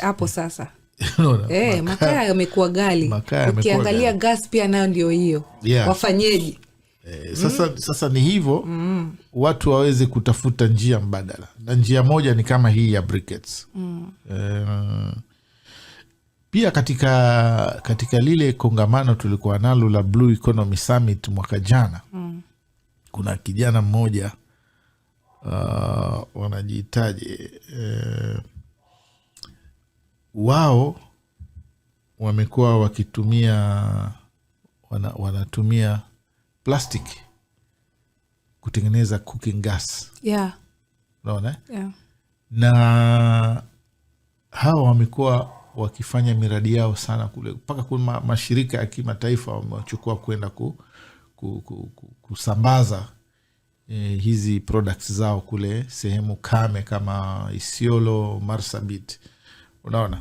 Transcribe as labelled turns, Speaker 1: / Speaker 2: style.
Speaker 1: hapo sasa. hey, eh, makaa yamekuwa gali, ukiangalia gas pia nayo ndio hiyo yeah. wafanyeji
Speaker 2: eh, sasa, mm. Sasa ni hivyo mm. Watu waweze kutafuta njia mbadala, na njia moja ni kama hii ya mm. E, pia katika, katika lile kongamano tulikuwa nalo la Blue Economy Summit mwaka jana mm. kuna kijana mmoja uh, ah, wanajihitaji wao wamekuwa wakitumia wana, wanatumia plastic kutengeneza cooking gas yeah. Naona yeah. Na hawa wamekuwa wakifanya miradi yao sana kule mpaka ku mashirika ya kimataifa wamewachukua kwenda ku, ku, ku, ku, kusambaza eh, hizi products zao kule sehemu kame kama Isiolo, Marsabit No, no.